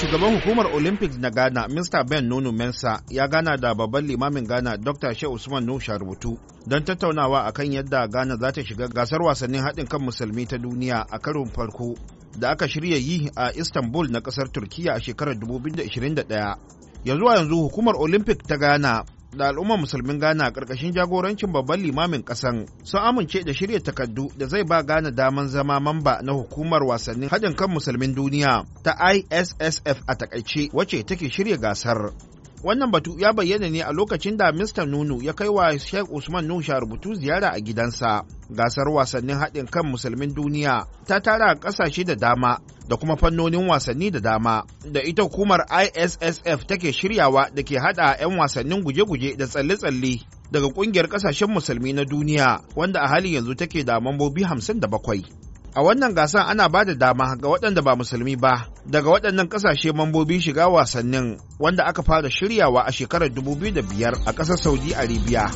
Shugaban hukumar Olympics na Ghana, Mr. Ben Nono Mensa, ya gana da babban limamin Ghana Dr. Shehu Usman Nusha rubutu don tattaunawa akan yadda Ghana za ta shiga gasar wasannin haɗin kan musulmi ta duniya a karon farko da aka shirya yi a Istanbul na ƙasar Turkiya a shekarar 2021. Yanzu a yanzu hukumar Olympic ta Ghana da al'ummar musulmin Ghana a ƙarƙashin jagorancin babban limamin ƙasan sun amince da shirya takardu da zai ba Ghana daman zama mamba na hukumar wasannin haɗin kan musulmin duniya ta ISSF a takaice wacce take shirya gasar. Wannan batu ya bayyana ne a lokacin da Mr. Nunu ya kai wa Sheikh Usman sha rubutu ziyara a gidansa. Gasar wasannin haɗin kan musulmin duniya ta tara ƙasashe da dama da kuma fannonin wasanni da dama da ita hukumar issf take shiryawa da ke hada 'yan wasannin guje-guje da tsalle-tsalle daga kungiyar kasashen musulmi na duniya wanda a halin yanzu take da mambobi 57 a wannan gasan ana ba da dama ga waɗanda ba musulmi ba daga waɗannan kasashe mambobi shiga wasannin wanda aka fara shiryawa a shekarar 2005 a ƙasar saudi arabia